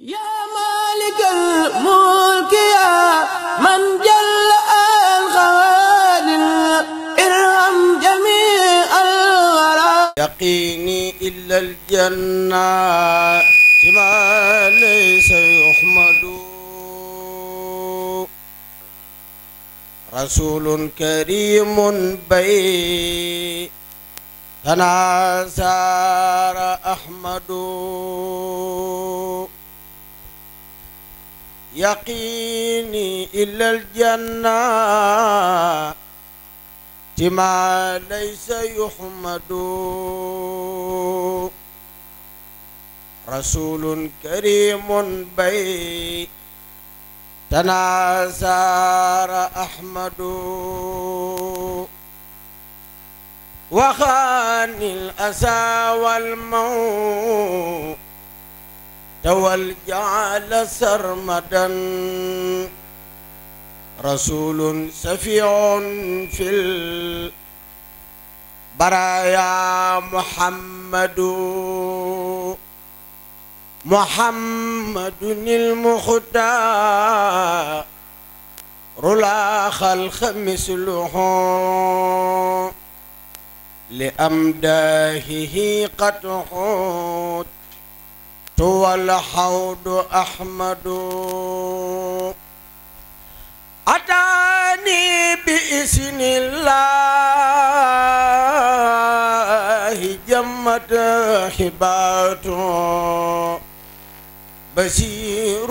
yaa maalikal mulki yaa man jalla al xawaadin irham jamii al waraa yaqiini illa al jannaati ma laysa yuhmadu rasuulun kariimun bay tanaasaara ahmadu يقيني إلا الجنة ما ليس يحمد رسول كريم بي تنازار أحمد وخان الأسى والموت توال جعل سرمدا رسول سفيع في البرايا محمد محمد المختار لا خلق مثله لأمداهه قد حوت والحوض أحمد أتاني بإسن الله جمت حبات بشير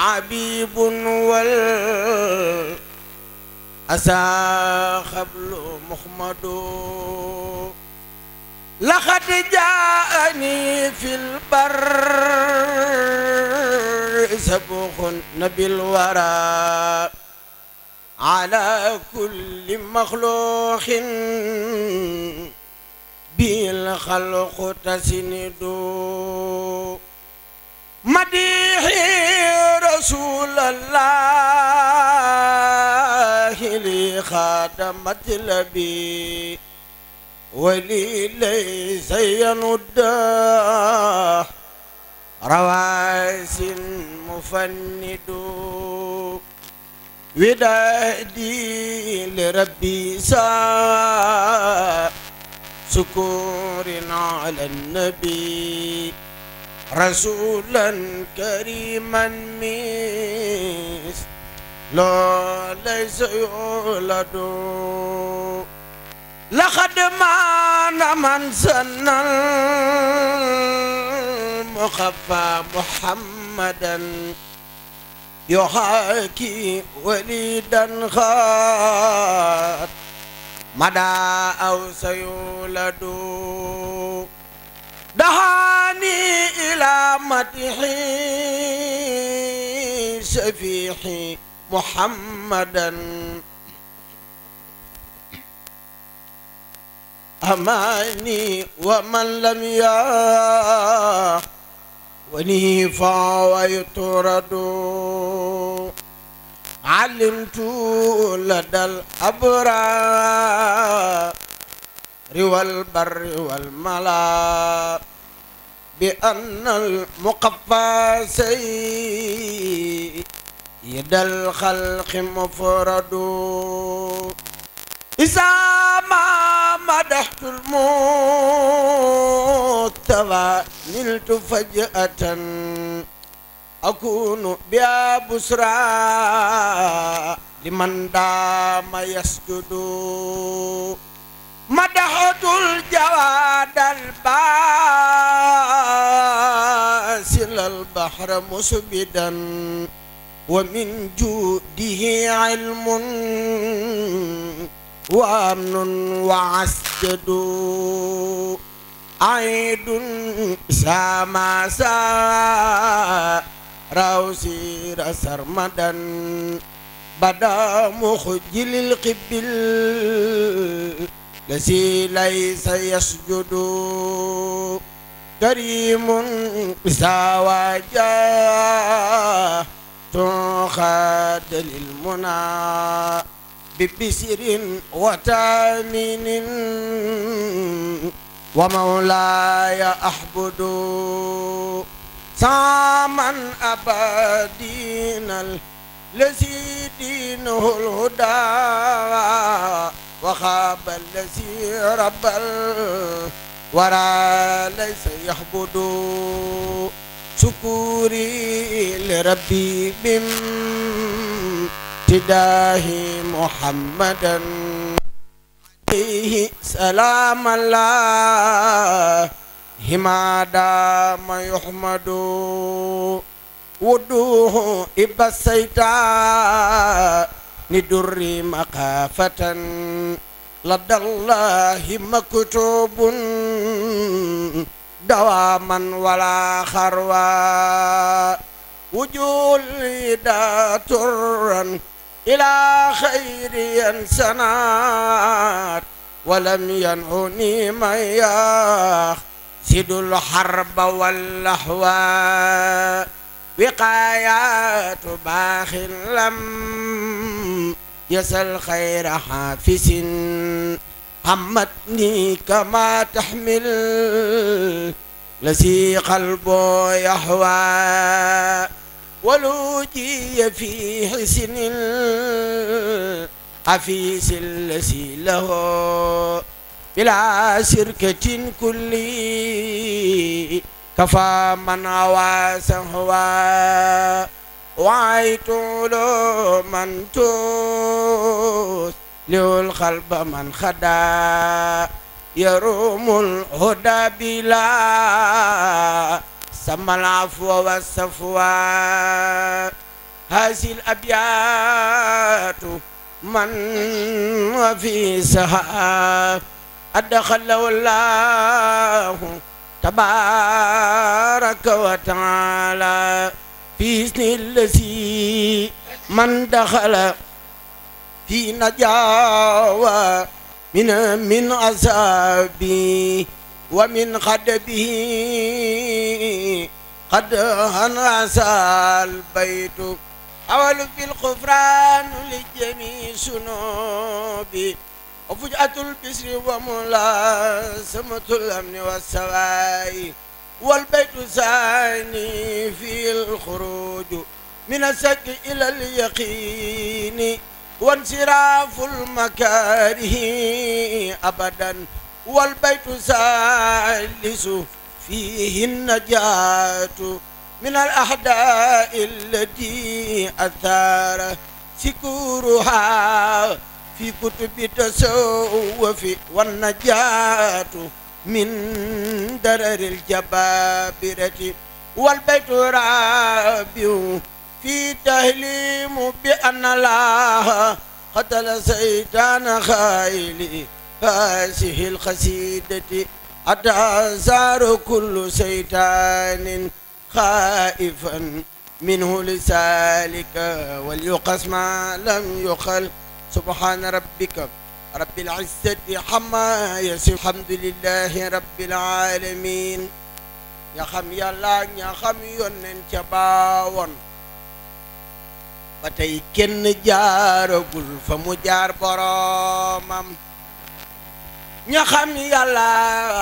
عبيب والأسى خبل محمد لقد جاءني في البر سبخ نبي الورى على كل مخلوق به الخلق تسند مديحي رسول الله لخاتمة لبي وليليس يندا رواس مفند ودادي لربي سا سكور على النبي رسولا كريما ميس لا ليس يولد لقد مان من سن المخفى محمدا يحاكي وليدا خات مدى أو سيولد دهاني إلى مدحي شفيحي محمدا أماني ومن لم يهوني فهو يطرد علمت لدى الأبرار والبر والملا بأن المقفى سيد الخلق مفرد إذا ما مدحت المستوى نلت فجأة أكون بها بسرى لمن دام يسجد مدحت الجواد الباسل البحر مسبدا ومن جوده علم وأمن وعسجد عيد سما سا روسير سرمدا بدا مخجل القبل لسي ليس يسجد كريم سواجا تنخاد للمنى ببسر وتامين ومولاي أحبد ساما أبدين الذي دينه الهدى وخاب الذي رب الورى ليس يحبد شكوري لربي بم فداه محمدا عليه سلام الله ما دام يحمد ودوه إبا السيدا ندر مخافة لدى الله مكتوب دواما ولا خروى وجول دا ترا إلى خير سنات ولم ينعني من يخسد الحرب واللحوى وقايات باخ لم يسل خير حافس حمتني كما تحمل لسي قلبه يحوى ولوجي في حسن العفيس الذي له بلا سركة كل كفى من عواسه وعيت له من توس له القلب من خدا يروم الهدى بلا سم العفو والصفوى هذه الأبيات من وفي سها أدخله الله تبارك وتعالى في إذن الذي من دخل في نجاوى من من عذابي ومن خدبه قد هنس البيت أول في الغفران لجميع سنوبي وفجأة البسر وملازمة الأمن والسواي والبيت ثاني في الخروج من السك إلى اليقين وانصراف المكاره أبداً والبيت سالس فيه النجاة من الأحداء التي أثار سكورها في كتب التصوف والنجاة من درر الجبابرة والبيت رابع في تهليم بأن الله قتل سيدان خايلي هذه القصيدة أتعذر كل شيطان خائفا منه لسالك وليقص ما لم يقل سبحان ربك رب العزة حما يسير الحمد لله رب العالمين ña xam yàlla ña xam yonnen ca baawoon ba tey kenn jaaragul fa mu jaar boroomam ña xam yàlla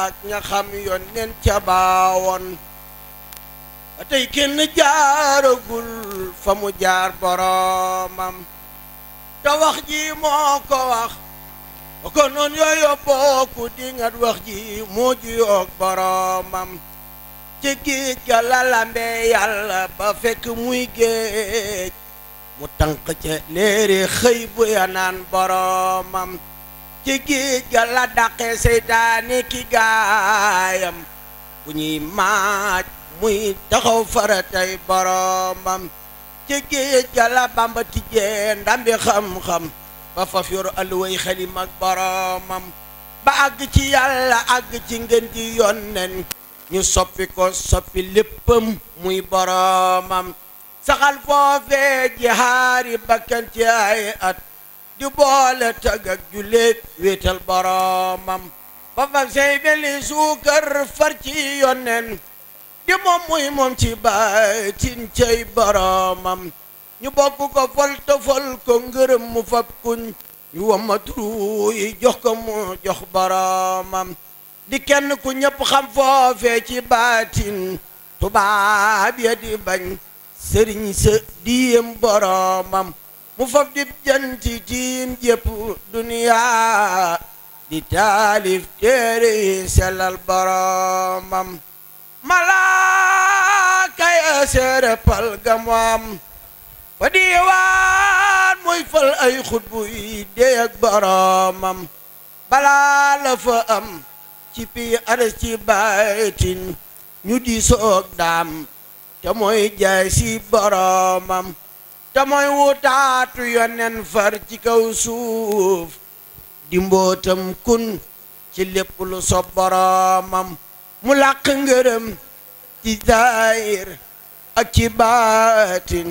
ak ña xam yoon neen ca baawoon ba kenn jaaragul fa mu jaar boroomam te wax ji moo ko wax ba ko noon yooyu bokku di ngat wax ji moo juyoog boroomam ci géej ga la lambe yàlla ba fekk muy géej mu tànq ca léeri xëy bu ya naan ci géej ga la dàqe seytaane ki gaayam bu ñuy maaj muy taxaw faratay boromam ci géej ga la bamba tijjee ndambi xam-xam ba faf yor alluway xalim ak boromam ba àgg ci yàlla àgg ci ngeen ji yonnen ñu soppi ko soppi léppam muy boromam saxal foofee ji xaari bakkan ci ay at di boole tëgg ak julleet wéetal boroomam ba fab say beli suukar far ci yonen di moom muy moom ci baatin cay boroomam ñu bokk ko fol te fol ko ngërëm mu fab kuñ ñu turu yi jox mu jox boroomam di kenn ku ñëpp xam foofee ci baatin tubaab ya di bañ sëriñ sa diyem boroomam mu fab dib janti tiim jëpp duniyaa di taalif téere yi sellal boromam malaaka ya seere pal gamam fa diiwaan muy fal ay xutbu yi dey ak boromam balaa la fa am ci pi aras ci baytin ñu di soog daam te mooy jaay si boromam te mooy wutaatu yonen far ci kaw suuf mbootam kun ci lépp lu sob mu lakk ngërëm ci zaahir ak ci baatin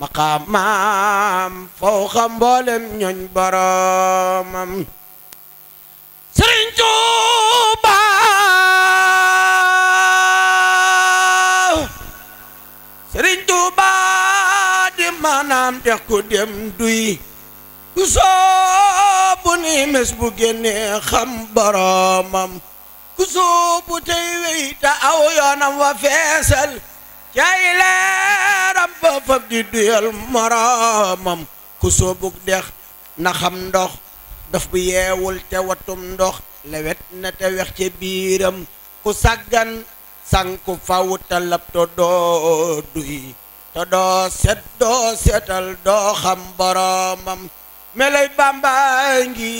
maqaamaam fawqa mboolem ñooñ boroomam Sëriñ maanaam ni mes bu génnee xam boromam ku tey wey te aw wa feesal cay leeram ba fab di duyal moromam ku dex na xam ndox daf bu yeewul te watum ndox lewet na te wex ca biiram ku saggan sanku faw te labto duy te doo set doo setal doo xam boromam melay bàmbaay ngi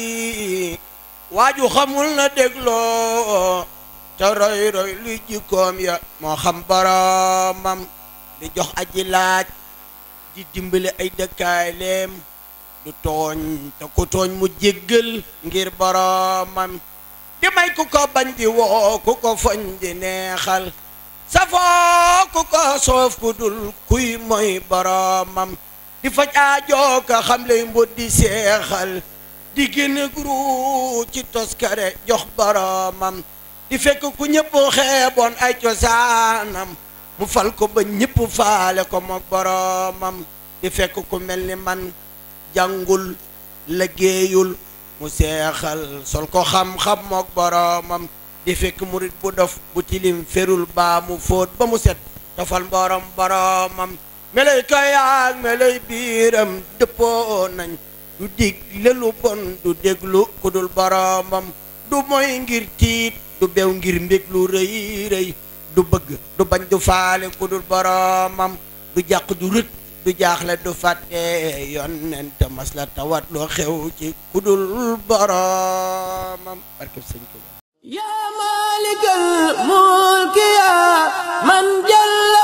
waaju xamul na dégloo te roy roy luy jikkoom ya moo xam boromam di jox aji laaj di dimbali ay dëkkaay leem du tooñ te ku tooñ mu jéggal ngir boromam di may ku ko bañ di woo ku ko foñ di neexal safoo ku ko soof ku dul kuy mooy boromam di faj aajo xam lay mbot di seexal di génn guru ci toskare jox boromam di fekk ku ñëpp xeeboon ay cosaanam mu fal ko ba ñëpp faale ko ma boromam di fekk ku mel ni man jàngul liggéeyul mu seexal sol ko xam-xam mook boromam di fekk murit bu dof bu tilim ferul baa mu fóot ba mu set dofal mborom boromam melay kayaag melay biiram dëppoo nañ du digle lu bon du déglu ku dul boromam du moy ngir tiit du bew ngir mbég lu rëy rëy du bëgg du bañ du faale ku boromam du jàq du rët du jaaxle du fàtte yonent mas tawat loo xew ci ku boromam yaa maalikal mulki yaa man jalla